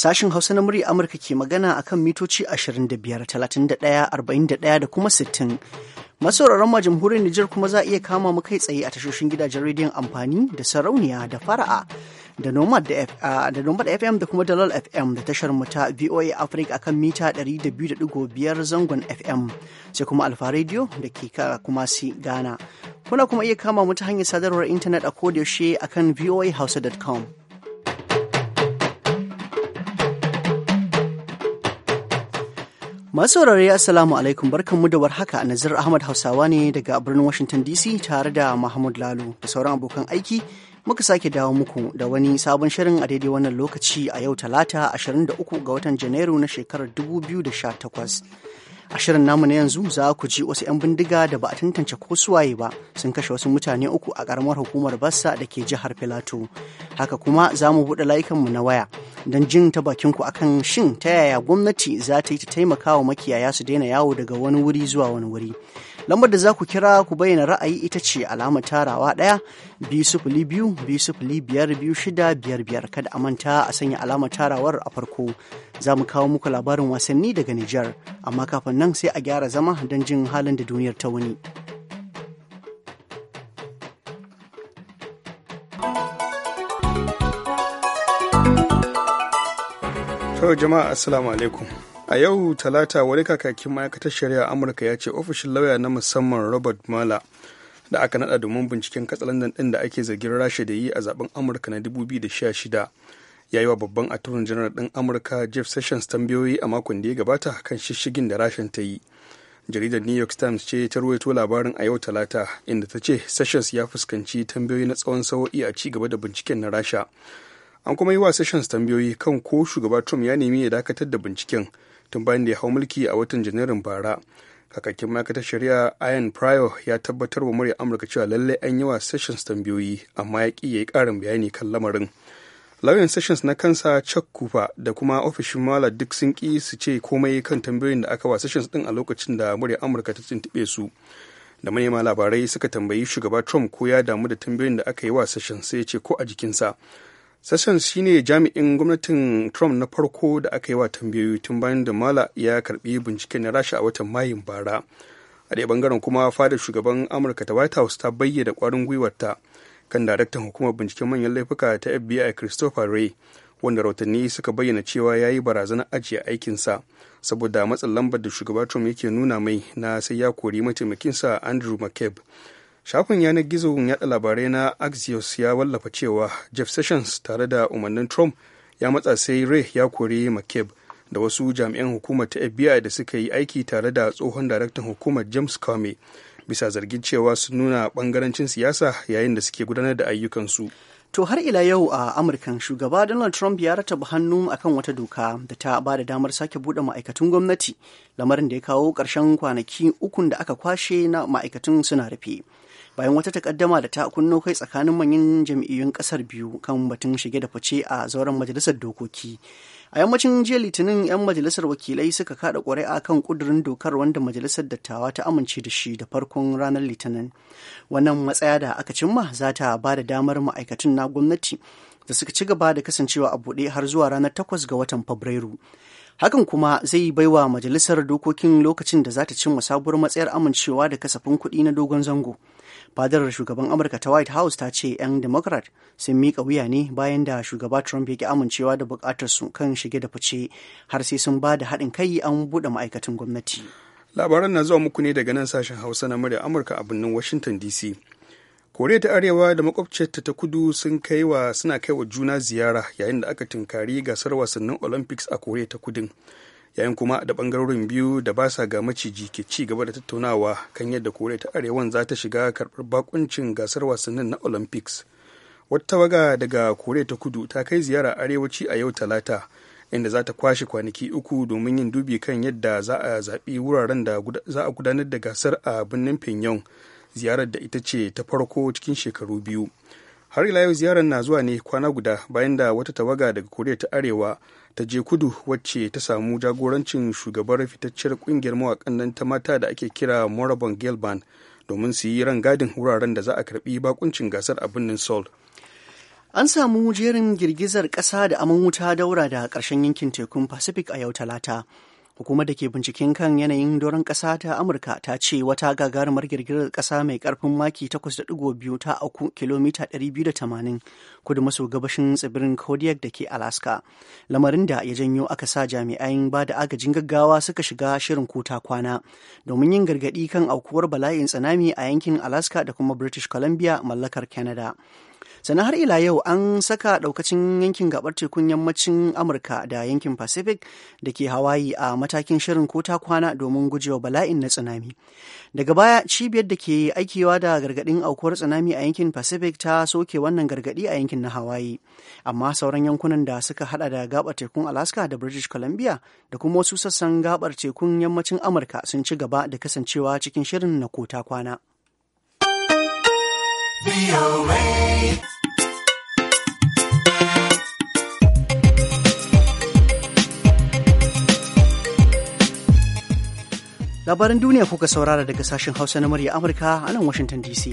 Sashin Hausa na murya Amurka ke magana a kan mitoci 25, 31, 41 da kuma 60. Masauraran ma jamhuriyar Nijar kuma za a iya kama mu kai tsaye a tashoshin gidajen rediyon amfani da sarauniya da fara'a da nomad da FM da kuma Dalal FM da tashar mu ta VOA Africa akan mita 200.5 zangon FM sai kuma Alfa Radio da ke kuma si Ghana. Kuna kuma iya kama mu ta hanyar sadarwar intanet a a akan voahausa.com. masu saurare Assalamu alaikum barkanmu da warhaka Nazir Ahmad Hausawa ne daga birnin Washington DC tare da Mahmud lalu da sauran abokan aiki muka sake dawo muku da wani sabon shirin a daidai wannan lokaci a yau talata 23 ga watan Janairu na shekarar 2018. A shirin namu na yanzu za ku ji wasu 'yan bindiga da ba a tantance ko suwaye ba sun kashe wasu mutane uku a karamar hukumar Bassa da ke jihar Filato. Haka kuma za mu buɗe layukanmu na waya don jin ta bakin ku akan shin ta yaya gwamnati za ta yi ta taimaka makiyaya su daina yawo daga wani wuri zuwa wani wuri. lambar da za ku kira ku bayyana ra'ayi ita ce alamar tarawa ɗaya biyu sufuli biyu biyu sufuli biyar biyu shida biyar biyar kada a manta a sanya alamar tarawar a farko za mu kawo muku labarin wasanni daga Nijar amma kafin nan sai a gyara zama don jin halin da duniyar ta wuni. To jama'a assalamu alaikum. a yau talata wani kakakin ma'aikatar shari'a amurka ya ce ofishin lauya na musamman robert mala da aka nada domin binciken katsalandan din da ake zargin rasha da yi a zaben amurka na 2016 ya yi wa babban attorney general din amurka jeff sessions tambayoyi a makon da ya gabata kan shishigin da rashin ta yi jaridar new york times ce ta ruwaito labarin a yau talata inda ta ce sessions ya fuskanci tambayoyi na tsawon sa'o'i a ci gaba da binciken na rasha an kuma yi wa sessions tambayoyi kan ko shugaba trump ya nemi ya dakatar da binciken tun bayan da ya hau mulki a watan janairun bara kakakin ma'aikatar shari'a ian pryor ya tabbatar wa murya amurka cewa lallai an yi wa sessions tambayoyi amma ya ƙi ya yi ƙarin bayani kan lamarin lauyan sessions na kansa chuck cooper da kuma ofishin mala duk sun ƙi su ce komai kan tambayoyin da aka wa sessions ɗin a lokacin da murya amurka ta tuntuɓe su da manema labarai suka tambayi shugaba trump ko ya damu da tambayoyin da aka yi wa sessions sai ya ce ko a jikinsa sassan shine jami'in gwamnatin trump na farko da aka yi wa tambayoyi tun bayan da mala ya karbi binciken na rasha a watan mayun bara a daya bangaren kuma fadar shugaban amurka ta white house ta bayyana kwarin gwiwarta kan daraktan hukumar binciken manyan laifuka ta fbi christopher ray wanda rautanni suka bayyana cewa ya yi barazanar ajiye aikinsa saboda matsin lambar da shugaba trump yake nuna mai na sai ya kori mataimakinsa andrew mccabe shafin yanar gizo yaɗa labarai na axios ya wallafa cewa jeff sessions tare da umarnin trump ya matsa sai ray ya kori mccabe da wasu jami'an hukumar ta fbi da suka yi aiki tare da tsohon daraktan hukumar james comey bisa zargin cewa sun nuna bangarancin siyasa yayin da suke gudanar da ayyukansu to har ila yau a amurkan shugaba donald trump ya rataba hannu akan wata doka da ta ba da damar sake bude ma'aikatan gwamnati lamarin da ya kawo karshen kwanaki ukun da aka kwashe na ma'aikatan suna rufe bayan wata takaddama da ta kunno kai tsakanin manyan jam'iyyun kasar biyu kan batun shige da fice a zauren majalisar dokoki a yammacin jiya litinin 'yan majalisar wakilai suka kada ƙuri'a kan ƙudurin dokar wanda majalisar dattawa ta amince da shi da farkon ranar litinin wannan matsaya da aka cimma za ta ba da damar ma'aikatan na gwamnati da suka ci gaba da kasancewa a buɗe har zuwa ranar 8 ga watan fabrairu hakan kuma zai baiwa majalisar dokokin lokacin da za ta cimma sabuwar matsayar amincewa da kasafin kuɗi na dogon zango fadarar shugaban amurka ta white house ta ce 'yan democrat sun mika wuya ne bayan da shugaba trump ya ki amincewa da bukatar su kan shige da fice har sai sun ba da haɗin kai an buɗe ma'aikatan gwamnati labaran na zuwa muku ne daga nan sashen hausa na murya amurka a birnin washington dc kore ta arewa da makwabciyarta ta kudu sun kai wa suna kai wa juna ziyara yayin da aka tunkari gasar wasannin olympics a kore ta kudin yayin kuma da bangarorin biyu da ba sa ga maciji ke ci gaba da tattaunawa kan yadda korea ta arewan za ta shiga karbar bakuncin gasar wasannin na olympics wata tawaga daga koriya ta kudu ta kai ziyara arewaci a yau talata inda za ta kwashe kwanaki uku domin yin dubi kan yadda za a zaɓi wuraren da za a gudanar da gasar a birnin pyongyang ziyarar da ita ce ta farko cikin shekaru biyu har ila yau ziyarar na zuwa ne kwana guda bayan da wata tawaga daga koriya ta arewa ta je kudu wacce ta samu jagorancin shugabar fitacciyar kungiyar mawakan nan ta mata da ake kira morabon gelban domin su yi rangadin wuraren da za a karbi bakuncin gasar a birnin seoul an samu jerin girgizar kasa da aman wuta daura da karshen yankin tekun pacific a yau talata hukumar da ke binciken kan yanayin doron ƙasa ta amurka ta ce wata gagarumar girgirar ƙasa mai ƙarfin maki 8.2 ta auku kilomita 280 kudu maso gabashin tsibirin kodiak da ke alaska lamarin da ya janyo aka sa jami'an ba da agajin gaggawa suka shiga shirin kuta kwana domin yin gargaɗi kan aukuwar bala'in tsunami a yankin alaska da kuma british columbia mallakar canada sannan har ila yau an saka daukacin yankin gabar tekun yammacin amurka da yankin pacific da ke hawaii a matakin shirin ko ta kwana domin gujewa bala'in na tsunami daga baya cibiyar da ke aikewa da gargadin aukuwar tsunami a yankin pacific ta soke wannan gargadi a yankin na hawaii amma sauran yankunan da suka hada da gabar tekun alaska da british columbia da kuma wasu sassan gabar tekun yammacin amurka sun ci gaba da kasancewa cikin shirin na ko ta kwana Labaran duniya kuka saurara daga sashen Hausa na murya Amurka a nan Washington DC.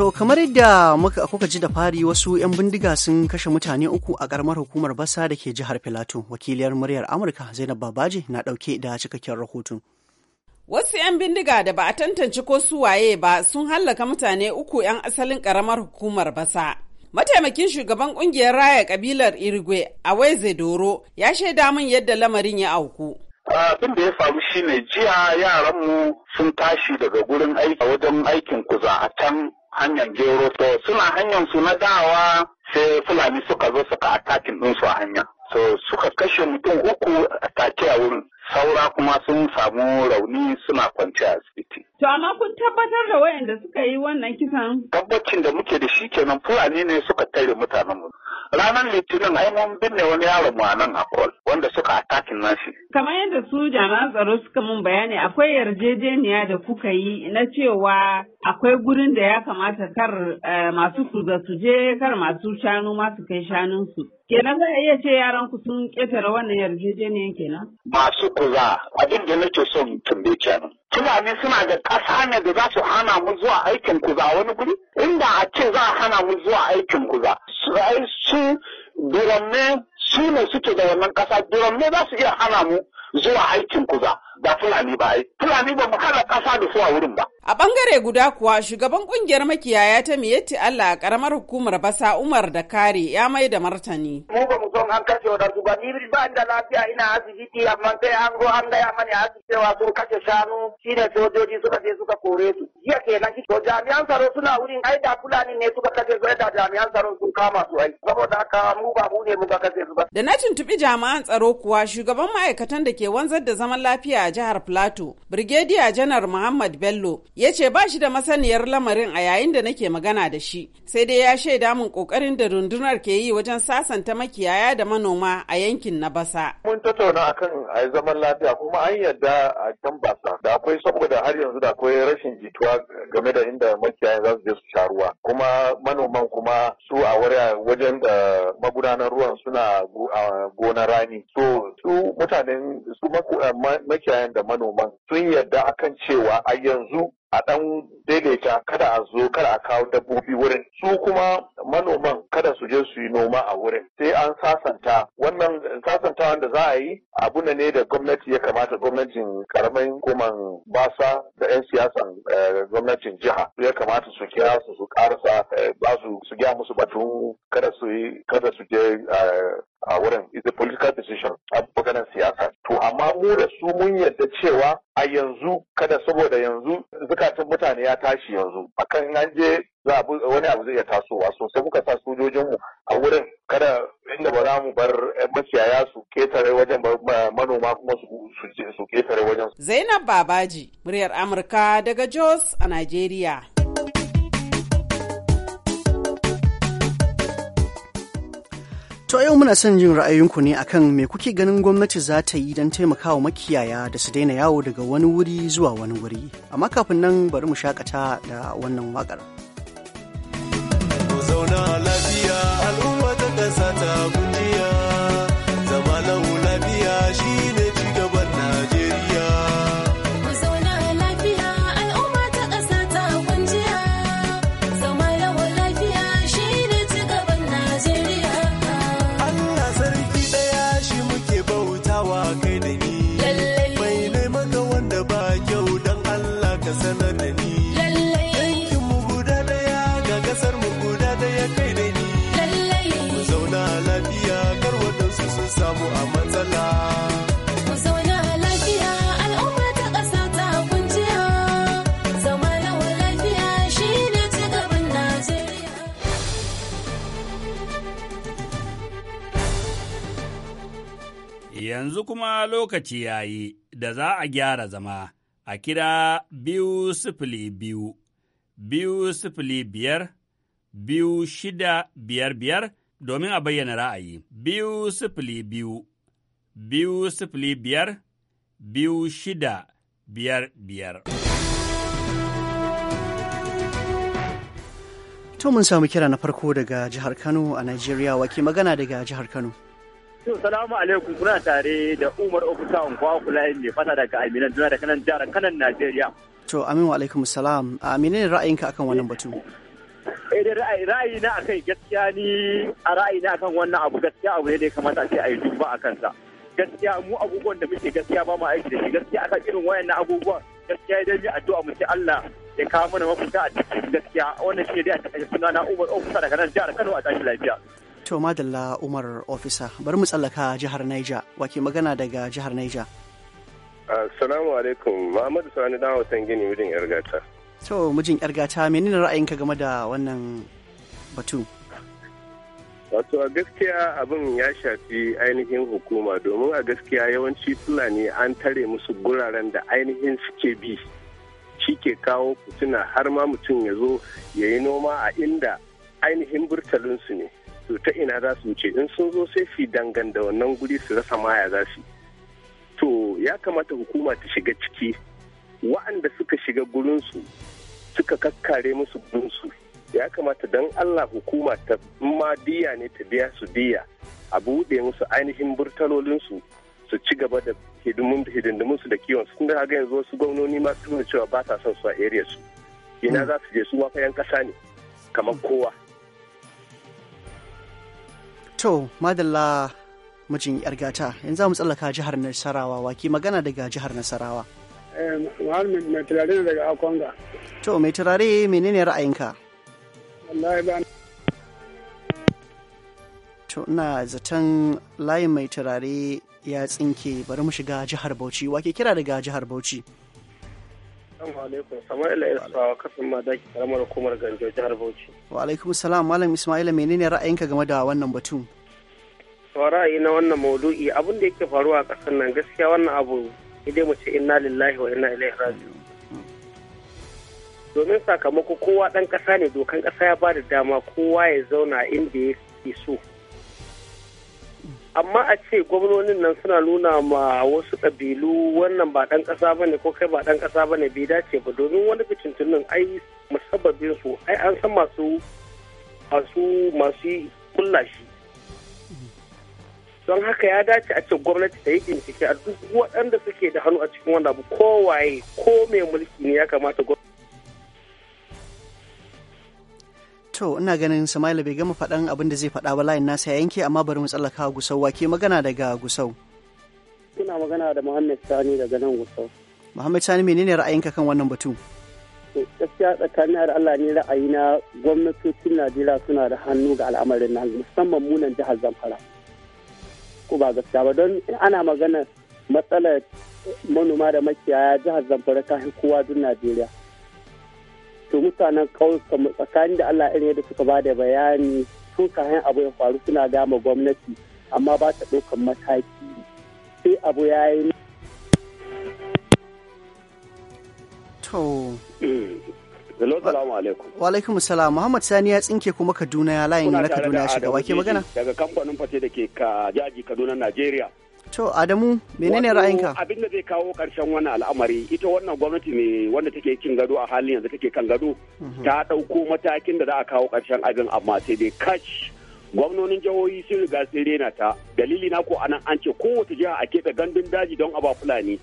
To kamar yadda muka kuka ji da fari wasu 'yan bindiga sun kashe mutane uku a karamar hukumar basa da ke jihar Filato. Wakiliyar muryar Amurka Zainab Babaji na dauke da cikakken rahoton. Wasu 'yan bindiga da ba a tantance ko su waye ba sun hallaka mutane uku 'yan asalin karamar hukumar basa. Mataimakin shugaban kungiyar raya kabilar Irigwe a Waize Doro ya shaida min yadda lamarin ya auku. abin da ya faru shine jiya yaranmu sun tashi daga gurin aiki wajen aikin kuzatan. hanyar gero to suna hanyar su na dawa sai fulani suka zo suka atakin ɗinsu a hanya so suka kashe mutum uku a take a wurin saura kuma sun samu rauni suna kwanciya asibiti To amma kun tabbatar da waɗanda suka yi wannan kisan? Tabbacin da muke da shi kenan Fulani ne suka tare mutanen mu. Ranar Litinin ai mun binne wani yaron mu a nan a wanda suka atakin nashi. Kamar yadda su jami'an tsaro suka mun bayani akwai yarjejeniya da kuka yi na cewa akwai gurin da ya kamata kar eh, masu kuza su je kar masu shanu ma su kai shanunsu. Kenan za a iya ce yaran ku sun ƙetare wannan yarjejeniyan kenan? Masu kuza abin da nake son tambaye kenan. Fulani suna da ƙasa ne da za su hana mu zuwa aikin kuza wani guri? Inda a ce za a hana mu zuwa aikin kuza. Su duranne su ne suke da wannan ƙasa duranne za su iya hana mu zuwa aikin kuza ba Fulani ba ai. Fulani ba mu kada ƙasa da suwa wurin ba. A bangare guda kuwa shugaban kungiyar makiyaya ta miyetti Allah a karamar hukumar basa Umar da kare ya mai da martani. Mu ba mu son an kashe wadansu ba, ni ba da lafiya ina asibiti amma sai an go an gaya mani asibiti cewa sun kashe shanu shine sojoji suka je suka kore su. Jiya kenan jami'an tsaro suna wurin ai da Fulani ne suka kashe su da jami'an tsaro sun kama su ai. Saboda haka mu ba mu ne muka kashe su ba. Da na tuntuɓi jami'an tsaro kuwa shugaban ma'aikatan da ke wanzar da zaman lafiya a jihar Plateau, Brigadier Janar Muhammad Bello ya ce ba shi da masaniyar lamarin a yayin da nake magana da shi sai dai ya shaida mun kokarin da rundunar ke yi wajen sasanta makiyaya da manoma a yankin na basa mun tattauna akan a zaman lafiya kuma an yadda a can basa da akwai saboda har yanzu da akwai rashin jituwa game da inda makiyaya za su je su sha ruwa kuma manoman kuma su a wajen da magudanar ruwan suna gona rani so su mutanen su makiyayan da manoman sun yadda akan cewa a yanzu até un daidaita kada a zo kada a kawo dabbobi wurin su kuma manoman kada su je su yi noma a wurin sai an sasanta wannan sasantawan da za a yi abu ne da gwamnati ya kamata gwamnatin karamin koman basa da 'yan siyasan eh, gwamnatin jiha ya kamata su kira su su karasa eh, ba su su gya musu batun kada su yi kada su je eh, a wurin is a political decision a maganar siyasa to amma mu da su mun yarda cewa a yanzu kada saboda yanzu zukatan mutane ya tashi yanzu akan an je za wani abu zai iya tasowa sosai muka sa sojojinmu a wurin kada inda ba za mu bar makiyaya su ketare wajen manoma kuma su ketare wajen. Zainab Babaji, muryar Amurka daga Jos a Najeriya. To yau muna son jin ra'ayinku ne akan me kuke ganin gwamnati za ta yi don taimakawa makiyaya da su daina yawo daga wani wuri zuwa wani wuri. Amma kafin nan bari mu shakata da wannan waƙar. Zauna yanzu kuma lokaci ya yi da za a gyara zama a kira biyu sifili biyu, biyu sifili biyar, biyu shida biyar biyar domin a bayyana ra'ayi, biyu sifili biyu, biyu sifili biyar, biyu shida biyar biyar. To mun samu kira na farko daga jihar Kano a Najeriya wake magana daga jihar Kano. To salamu alaikum kuna tare da Umar Ofisa Unkwa Kulayin ne fata daga Aminan Duna da kanan jihar kanan Najeriya. To amin wa alaikum salam. ne menene ra'ayinka akan wannan batu? Eh da ra'ayi ra'ayi na akan gaskiya ni a ra'ayi na akan wannan abu gaskiya abu ne da ya kamata a ce a yi duba a kansa. Gaskiya mu abubuwan da muke gaskiya ba mu aiki da shi gaskiya akan irin wayannan abubuwan gaskiya idan mu addu'a mu ce Allah ya kawo mana mafita a cikin gaskiya wannan shi ne dai a cikin sunana Umar Ofisa daga nan jihar Kano a tashi lafiya. To madalla Umar Ofisa, bari mu tsallaka jihar Naija, wake magana daga jihar Naija. Assalamu alaikum, Muhammadu Sani dan watan Gini mijin yar gata. To mijin yar gata, menene ra'ayinka game da wannan batu? Wato a gaskiya abin ya shafi ainihin hukuma domin a gaskiya yawanci Fulani an tare musu guraren da ainihin suke bi. Shi ke kawo fituna har ma mutum ya zo ya yi noma a inda ainihin burtalinsu ne. to ta ina za su wuce in sun zo sai su dangan da wannan guri su rasa maya za su to ya kamata hukuma ta shiga ciki wa'anda suka shiga gurinsu suka kakkare musu gurinsu ya kamata don allah hukuma ta ma diya ne ta biya su diya a buɗe musu ainihin burtalolinsu su ci gaba da hidimun da kiwon sun da ga yanzu wasu gwamnoni ma sun cewa ba sa son su a area su ina mm. za su je su wafa yan ƙasa ne kamar mm. kowa To, madalla mijin yar gata, yanzu za mu tsallaka jihar Nasarawa, waki magana daga jihar Nasarawa. mai turare daga Akwanga. To, mai turare menene ra'ayinka? Wallahi ba To, ina zaton layin mai turare ya tsinke bari mu shiga jihar Bauchi, wake kira daga jihar Bauchi. karamar hukumar Ganjo jihar Bauchi. Wa alaikum salam Malam Ismaila menene ra'ayinka game da wannan batun? ra'ayi na wannan maudu'i abin da yake faruwa a ƙasar nan gaskiya wannan abu idai mu ce inna lillahi wa inna ilaihi raji'un. Domin sakamako kowa ɗan ƙasa ne dokan ƙasa ya ba da dama kowa ya zauna inda ya so. amma a ce gwamnonin nan suna nuna ma wasu ƙabilu wannan ba ɗan ƙasa ba ne ko kai ba ɗan ƙasa ba ne bai dace ba domin wani fitintunin ai musabbabin su ai an san masu masu masu kulla shi don haka ya dace a ce gwamnati ta yi bincike a duk waɗanda suke da hannu a cikin wanda kowaye ko mai mulki ne ya kamata gwamnati to ina ganin Samaila bai gama faɗan abin da zai faɗa ba layin nasa ya yanke amma bari mu tsallaka Gusau wake magana daga Gusau. Ina magana da Muhammad Sani daga nan Gusau. Muhammad Sani menene ra'ayinka kan wannan batu? gaskiya tsakanin har Allah ne ra'ayi na gwamnatocin Najeriya suna da hannu ga al'amarin nan musamman munan jihar Zamfara. Ko ba gaskiya ba don ana magana matsalar manoma da makiyaya jihar Zamfara ta kowa duk Najeriya. to mutanen kawai tsakanin da Allah irin yadda suka ba da bayani sun kayan abu ya faru suna dama gwamnati amma ba ta ɗaukan mataki sai abu ya yi to Wa alaikum salam. Muhammad Sani ya tsinke kuma Kaduna ya layin na Kaduna ya shiga. Wa ke magana? Daga kamfanin fate da ke jaji Kaduna Najeriya. To Adamu, menene ra'ayinka? Abin da zai kawo karshen wannan al'amari, ita wannan gwamnati ne wanda take kin gado a halin yanzu take kan gado, mhm. ta ɗauko matakin da za a kawo karshen abin amma sai dai kash. Gwamnonin jihohi sun riga sun rena ta, dalili na ko anan an ce kowace jiha a keɓe gandun daji don a ba Fulani.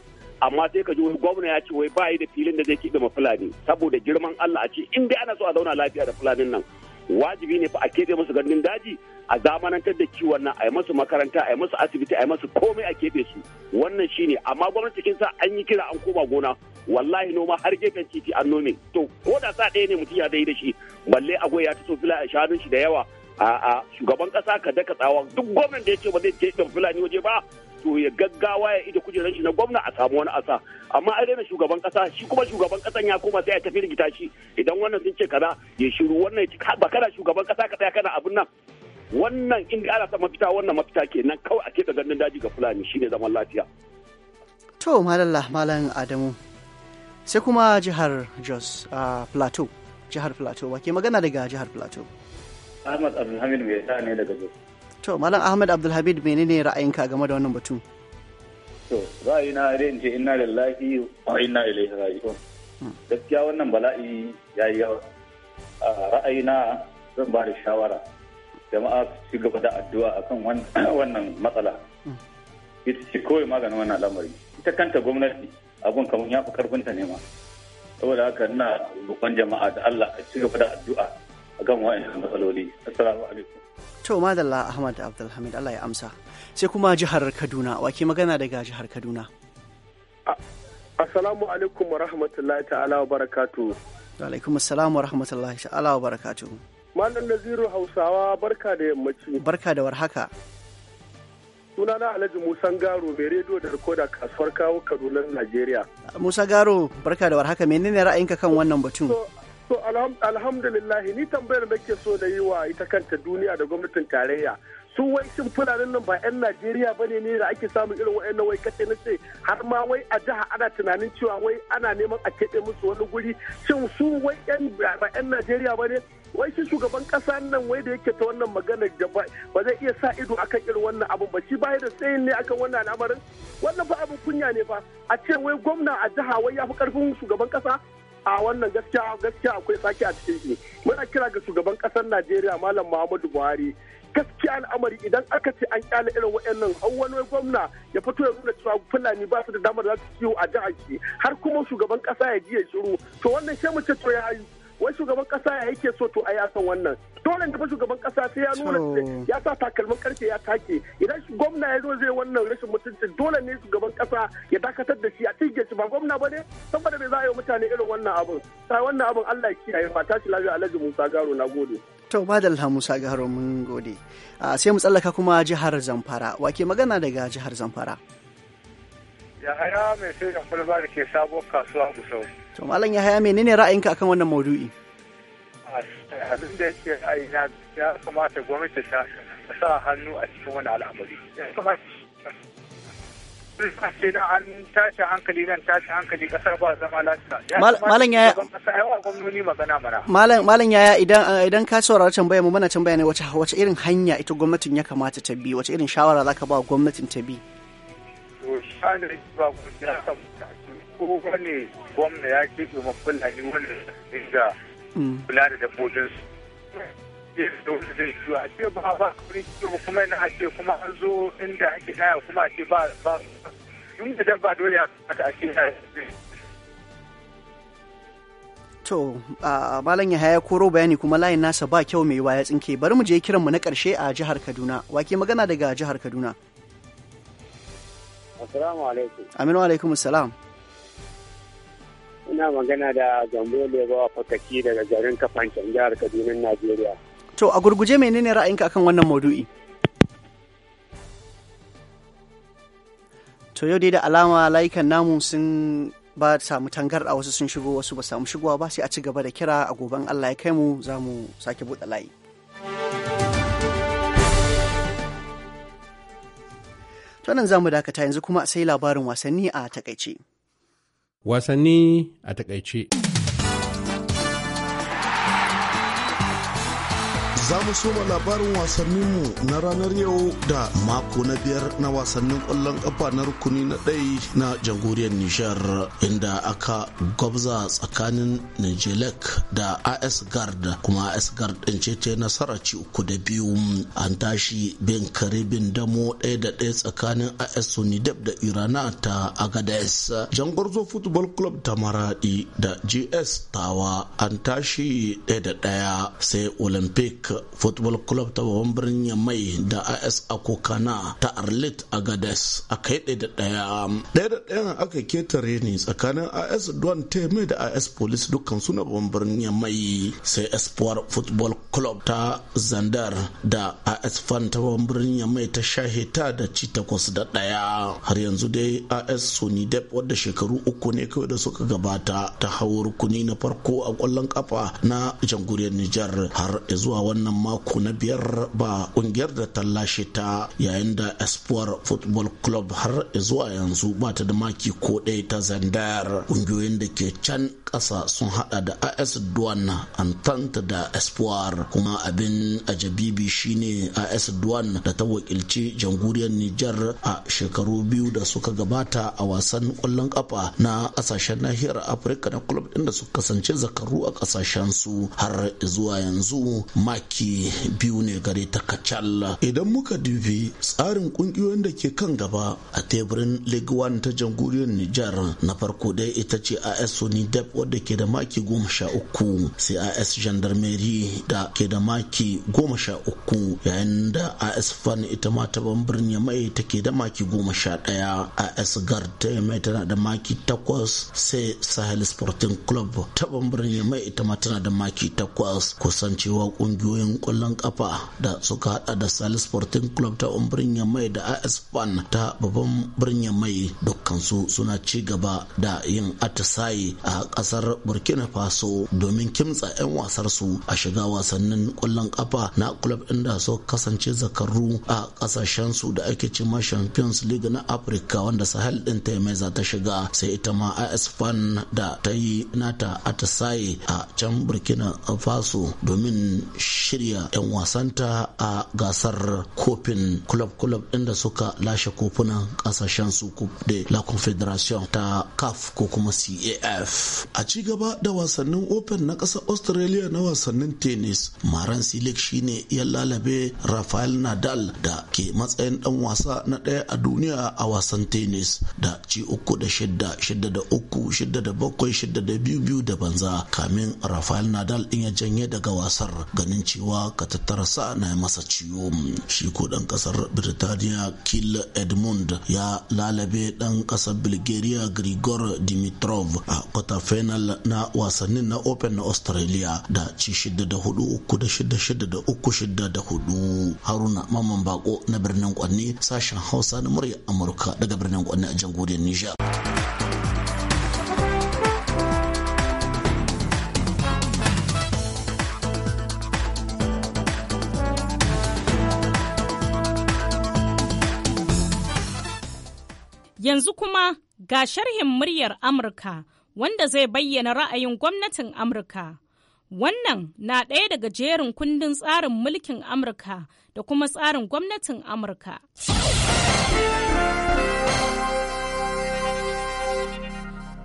Amma sai ka ji wani gwamna ya ce wai ba yi da filin da zai kiɗa ma Fulani, saboda girman Allah a ce in dai ana so a zauna lafiya da Fulanin nan, wajibi ne fa a keɓe musu gandun daji a zamanantar da kiwon nan a yi masu makaranta a yi masu asibiti a yi masu komai a keɓe su wannan shine amma gwamnati kin sa an yi kira an koma gona wallahi noma har gefen titi an nome to ko da sa ɗaya ne mutum ya dai da shi balle goya ya so fila a shanun shi da yawa a shugaban ƙasa ka daka tsawon duk gwamnan da ya ce ba zai je ɗan fulani waje ba to ya gaggawa ya ita kujerar shi na gwamna a samu wani asa amma an daina shugaban kasa shi kuma shugaban kasan ya koma sai ya tafi rigita shi idan wannan sun ce kaza ya shiru wannan ya ba kana shugaban kasa ka tsaya kana abin nan wannan in ana sa mafita wannan mafita kenan kawai a keta gandun daji ga fulani shine zaman lafiya. to malalla malam adamu sai kuma jihar jos plateau jihar plateau wake magana daga jihar plateau ahmad abdulhamid mai ne daga jos to malam ahmad abdulhamid menene ra'ayinka game da wannan batu to ra'ayina dai in ce inna lillahi wa inna ilaihi raji'un hmm. gaskiya wannan bala'i ya yi yawa ra'ayina zan ba da shawara jama'a su ci gaba da addu'a akan wannan matsala hmm. ita ce kawai maganin wannan al'amari ita kanta gwamnati abun kamar ya fi karfin ta nema. saboda haka ina roƙon jama'a da Allah a ci gaba da addu'a akan wa'annan matsaloli assalamu alaikum to madalla ahmad abdulhamid allah ya amsa sai kuma jihar kaduna wake magana daga jihar kaduna assalamu alaikum wa rahmatullahi ta'ala wa barakatu alaikum assalamu wa rahmatullahi ta'ala wa barakatu malam naziru hausawa barka da yammaci barka da warhaka sunana alhaji musan garo mai rediyo da rikoda kasuwar kawo kaduna najeriya musa garo barka da warhaka menene ra'ayinka kan wannan batun To alhamdulillah ni tambayar da ke so da yi wa ita kanta duniya da gwamnatin tarayya. Su wai shin fulanin nan ba 'yan Najeriya ba ne da ake samun irin wa'annan wai kace na ce har ma wai a jiha ana tunanin cewa wai ana neman a keɓe musu wani guri. Shin su wai 'yan ba 'yan Najeriya ba ne wai shi shugaban ƙasa nan wai da yake ta wannan maganar da ba zai iya sa ido akan irin wannan abun ba shi baya da tsayin ne akan wannan al'amarin wannan ba abin kunya ne ba a ce wai gwamna a jiha wai ya fi ƙarfin shugaban ƙasa. a wannan gaskiya gaskiya akwai sake a cikin shi muna kira ga shugaban kasar najeriya malam muhammadu buhari gaskiya al'amari idan aka ce an kyale irin waɗannan wani gwamna ya fito ya nuna cewa fulani ba su da damar za su ciwo a jihar shi har kuma shugaban kasa ya ji ya shiru to wannan sai mu ce to ya yi wai shugaban kasa ya yake so to ai akan wannan dole ne shugaban kasa sai ya nuna ya sa takalmin karfe ya take idan gwamna ya zo zai wannan rashin mutunci dole ne shugaban kasa ya dakatar da shi a cikin shi ba gwamna ba ne saboda bai za a yi mutane irin wannan abin sai wannan abun Allah ya kiyaye fata shi lafiya Alhaji Musa Garo na gode to alhamu Musa Garo mun gode ah, sai mu tsallaka kuma jihar Zamfara wake magana daga jihar Zamfara Yahaya mai sai da kwalba da ke sabuwar kasuwa musau to malam ya haya menene ra'ayinka akan wannan maudu'i abin da yake ya kamata gwamnati ta sa hannu a cikin wani al'amari malam yaya eh, idan ka saurara mu mana tambaya ne wace irin hanya ita gwamnatin ya kamata ta bi wace irin shawara zaka ba gwamnatin ta bi Ko kowane gwamna ya ce ma fulani wani da mm. kula da dabbobin su a ce ba ba kuri kiwo kuma yana a ce kuma an zo inda ake kaya kuma a ce ba ba yin da dabba dole ya kata a ce To, Malam Yahaya koro bayani kuma layin nasa ba kyau mai waya tsinke bari mu je kiran mu na karshe a jihar Kaduna. Wake magana daga jihar Kaduna. Assalamu alaikum. Aminu alaikum salam. Ina magana da Gambo Lebawa Fataki daga garin kafan jihar Kaduna, Najeriya. To a gurguje menene ra'ayinka akan wannan maudu'i? To yau dai da alama layukan namu sun ba samu a wasu sun shigo wasu ba samu shigowa ba sai a ci gaba da kira a gobe Allah ya kai mu za mu sake buɗe layi. To nan za mu dakata yanzu kuma sai labarin wasanni a takaice. Wasanni a takaice. za mu soma labarin wasanninmu na ranar yau da mako na biyar na wasannin kwallon kafa na rukuni na ɗai na jamhuriyar Nijar inda aka gwabza tsakanin Nijelek da AS Gard kuma AS Gard ɗin ce ta nasara ci uku da biyu an tashi bin karibin damo ɗaya da ɗaya tsakanin AS Sonidep da Irana ta Agadez, Jangorzo Football Club ta Maradi da GS Tawa an tashi ɗaya da ɗaya sai Olympic football club ta babban birnin mai da as akokana ta arlit agades a kai ɗaya da ɗaya ɗaya da ɗaya aka ketare ne tsakanin as don teme da as police dukkan suna babban birnin mai sai espoir football club ta zandar da as fan ta babban birnin mai ta shaheta da ci takwas da ɗaya har yanzu dai as dep wadda shekaru uku ne kawai da suka gabata ta hawo rukuni na farko a kwallon kafa na jamhuriyar nijar har zuwa wannan wannan mako na biyar ba kungiyar da ta lashe ta yayin da espoir football club har zuwa yanzu ba ta da maki ko ɗaya ta zandar kungiyoyin da ke can ƙasa sun hada da as duwana antanta da espoir kuma abin ajabibi shine as duwana da ta wakilci jamhuriyar nijar a shekaru biyu da suka gabata a wasan kwallon kafa na ƙasashen nahiyar afirka na club da su kasance zakaru a ƙasashen su har zuwa yanzu maki mataki biyu ne gare ta kacal idan muka dubi tsarin kungiyoyin da ke kan gaba a teburin league one ta jamhuriyar nijar na farko dai ita ce as sony dep wadda ke da maki goma sha uku sai as gendarmerie da ke da maki goma sha uku yayin da as fan ita ma ta birnin ya mai ke da maki goma sha daya as guard ta mai tana da maki takwas sai sahel sporting club ta birnin ya mai ita ma tana da maki takwas kusan cewa kungiyoyin wasannin kwallon kafa da suka hada da Salis Sporting Club ta birnin Mai da AS ban ta babban birnin Mai dukkansu suna ci gaba da yin atisaye a kasar Burkina Faso domin kimtsa 'yan wasar su a shiga wasannin kwallon kafa na club ɗin da su kasance zakaru a kasashen su da ake ma Champions League na Africa wanda Sahel ɗin ta mai za ta shiga sai ita ma AS ban da ta yi nata atisaye a can Burkina Faso domin shi shirya 'yan wasanta a gasar kofin club-club inda suka lashe kofunan kasashen su de la confederation ta caf ko kuma caf a ci gaba da wasannin open na ƙasar australia na wasannin tennis maran silik shine ya lalabe rafael nadal da ke matsayin dan wasa na ɗaya a duniya a wasan tennis da ci uku da shidda shidda da uku shidda da bakwai shidda da biyu biyu da banza kamin rafael nadal in ya janye daga wasar ganin ci cewa ka tattara sa na masa ciwo shi ko dan kasar birtaniya kill edmund ya lalabe dan kasar bulgaria grigor dimitrov a kota final na wasannin na open na australia da ci shida da hudu uku da shida shida da uku shida da hudu haruna maman bako na birnin kwanne sashen hausa na murya amurka daga birnin kwanne a jamhuriyar nijar Yanzu kuma ga sharhin muryar Amurka wanda zai bayyana ra'ayin gwamnatin Amurka. Wannan na ɗaya daga jerin kundin tsarin mulkin Amurka da kuma tsarin gwamnatin Amurka.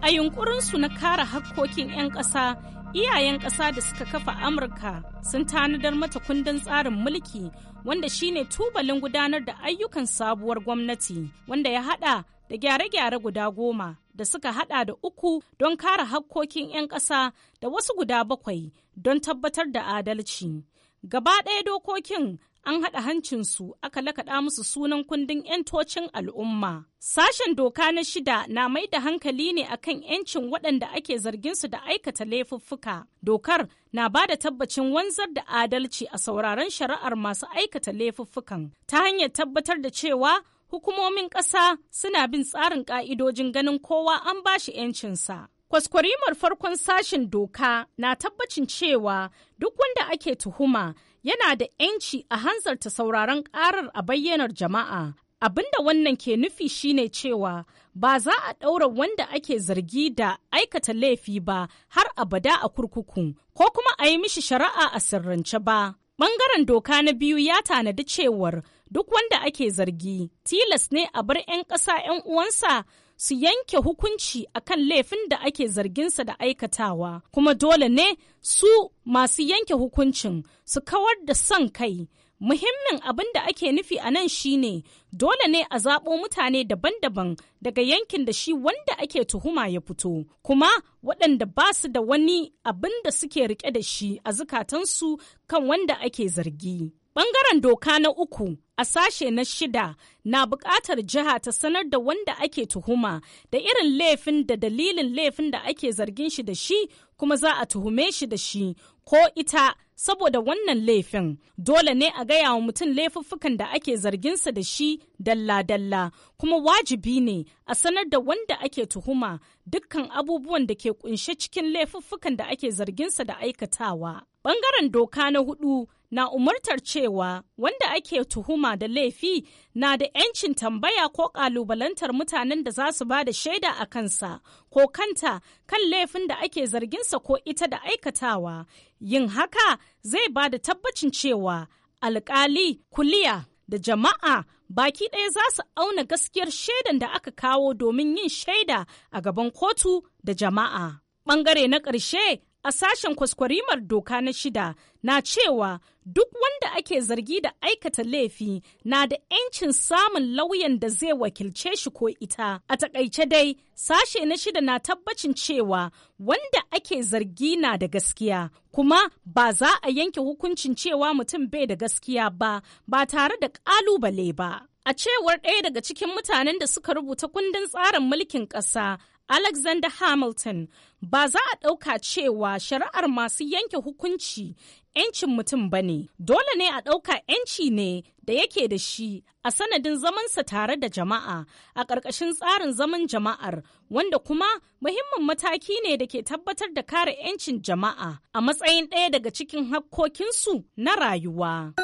A yunkurinsu na kare hakkokin 'yan ƙasa, iyayen ƙasa da suka kafa Amurka sun tanadar mata kundin tsarin mulki wanda shine tubalin gudanar da ayyukan sabuwar gwamnati wanda ya haɗa da gyare-gyare guda goma da suka hada da uku don kare hakkokin 'yan ƙasa da wasu guda bakwai don tabbatar da adalci. Gaba ɗaya dokokin an haɗa hancinsu aka lakaɗa musu sunan kundin 'yantocin al'umma. Sashen doka na shida na mai da hankali ne akan 'yancin waɗanda ake zargin su da aikata laifuffuka. Dokar na ba da tabbacin wanzar da adalci a sauraron shari'ar masu aikata laifuffukan ta hanyar tabbatar da cewa hukumomin ƙasa suna bin tsarin ƙa'idojin ganin kowa an ba shi 'yancinsa. Kwaskwarimar farkon sashen doka na tabbacin cewa duk wanda ake tuhuma yana da 'yanci a hanzarta sauraron ƙarar a bayyanar jama'a. Abinda wannan ke nufi shine cewa ba za a ɗaura wanda ake zargi da aikata laifi ba har abada a kurkuku ko kuma a yi mishi shari'a a sirrance ba. Bangaren doka na biyu ya tanadi cewar duk wanda ake zargi tilas ne a bar 'yan ƙasa 'yan uwansa su yanke hukunci akan laifin da ake zarginsa da aikatawa kuma dole ne su masu yanke hukuncin su kawar da son kai muhimmin abin da ake nufi a nan shine dole ne a zaɓo mutane daban-daban daga yankin da shi wanda ake tuhuma ya fito kuma waɗanda ba su da wani abin da suke rike da shi a zukatansu kan wanda ake zargi Bangaren doka na uku a sashe na shida na buƙatar jiha ta sanar da wanda ake tuhuma da irin laifin da dalilin laifin da ake zargin shi da shi kuma za a tuhume shi da shi ko ita saboda wannan laifin dole ne a gaya wa mutum laifuffukan da ake zarginsa da shi dalla-dalla kuma wajibi ne a sanar da wanda ake tuhuma dukkan abubuwan da ke kunshe cikin laifuffukan da ake zarginsa da aikatawa. Bangaren doka na hudu na umartar cewa wanda ake tuhuma da laifi na da 'yancin tambaya ko ƙalubalantar mutanen da za su ba da shaida a kansa ko kanta kan laifin da ake zarginsa ko ita da aikatawa yin haka zai ba da tabbacin cewa alkali kuliya da jama'a baki ɗaya za su auna gaskiyar shaidan da aka kawo domin yin shaida a gaban kotu da jama'a. Ɓangare na ƙarshe a sashen kwaskwarimar doka na shida na cewa duk wanda ake zargi da aikata laifi na da 'yancin samun lauyan da zai wakilce shi ko ita. A takaice dai, sashe na shida na tabbacin cewa wanda ake zargi na da gaskiya, kuma ba za a yanke hukuncin cewa mutum bai da gaskiya ba, ba tare da ƙalubale ba. A cewar ɗaya daga cikin mutanen da suka rubuta kundin tsarin mulkin ƙasa, Alexander Hamilton ba za a ɗauka cewa shari'ar masu yanke hukunci 'yancin mutum ba ne, dole ne a ɗauka 'yanci ne da yake da shi a sanadin zamansa tare da jama'a a ƙarƙashin tsarin zaman jama'ar wanda kuma muhimmin mataki ne da ke tabbatar da kare 'yancin jama'a a matsayin ɗaya daga cikin hakkokinsu na rayuwa.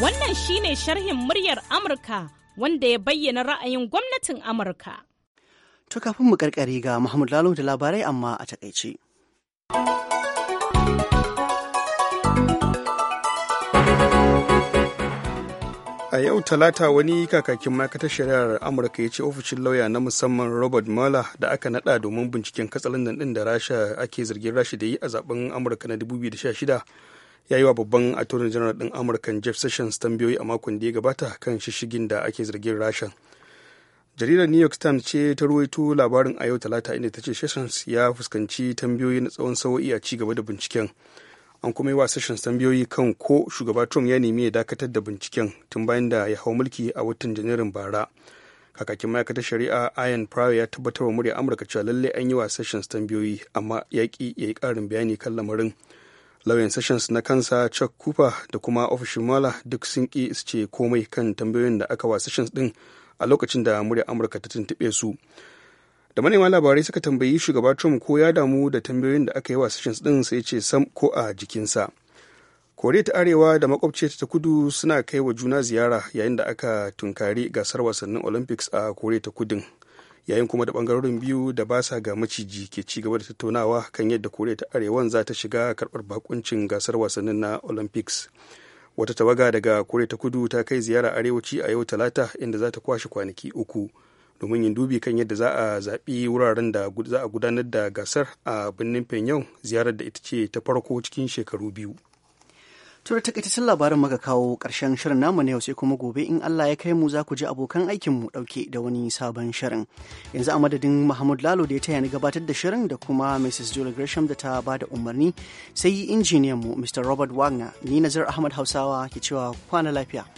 Wannan shine sharhin muryar Amurka. wanda ya bayyana ra'ayin gwamnatin Amurka. To kafin mu karkare ga Muhammad Lalo da labarai amma a takaice. A yau talata wani kakakin ma'aikatar shari'ar Amurka ya ce ofishin lauya na musamman Robert Mueller da aka nada domin binciken katsalandan din da Rasha ake zargin Rasha da yi a zaben Amurka na 2016 ya yi wa babban attorney general ɗin amurkan jeff sessions tambayoyi a makon da ya gabata kan shishigin da ake zargin rasha jaridar new york times ce ta ruwaito labarin a yau talata inda ta ce sessions ya fuskanci tambayoyi na tsawon sawo'i a ci gaba da binciken an kuma yi wa sessions tambayoyi kan ko shugaba trump ya nemi ya dakatar da binciken tun bayan da ya hau mulki a watan janairun bara kakakin ma'aikatar shari'a ayan pryor ya tabbatar wa murya amurka cewa lallai an yi wa sessions tambayoyi amma ya ya yi ƙarin bayani kan lamarin lauyan sessions na kansa chuck cooper da kuma ofishin mala duk sun ki su ce komai kan tambayoyin da aka wa sessions din a lokacin da murya amurka ta tuntuɓe su da manema labarai suka tambayi shugaba trump ko ya damu da tambayoyin da aka yi wa sessions din sai ce sam ko a jikinsa koriya ta arewa da makwabce ta kudu suna kai wa juna ziyara yayin da aka tunkari gasar wasannin olympics a koriya ta kudin yayin kuma da bangarorin biyu da ba sa ga maciji ke ci gaba da tattaunawa kan yadda koriya ta arewan za ta shiga karbar bakuncin gasar wasannin na olympics wata tawaga daga koriya ta kudu ta kai ziyara arewaci a yau talata inda za ta kwashe kwanaki uku domin yin dubi kan yadda za a zaɓi wuraren da za a gudanar da gasar a birnin yau ziyarar da ita ce ta farko cikin shekaru biyu Tura takaitaccen labarin maka kawo ƙarshen shirin namu na yau sai kuma gobe in Allah ya kai mu za ku ji abokan aikin mu ɗauke da wani sabon shirin. Yanzu a madadin Mahmud Lalo da ya taya ni gabatar da shirin da kuma Mrs. Julie Gresham da ta ba da umarni sai yi injiniyan mu Mr. Robert Wagner ni Nazar Ahmad Hausawa ke cewa kwana lafiya.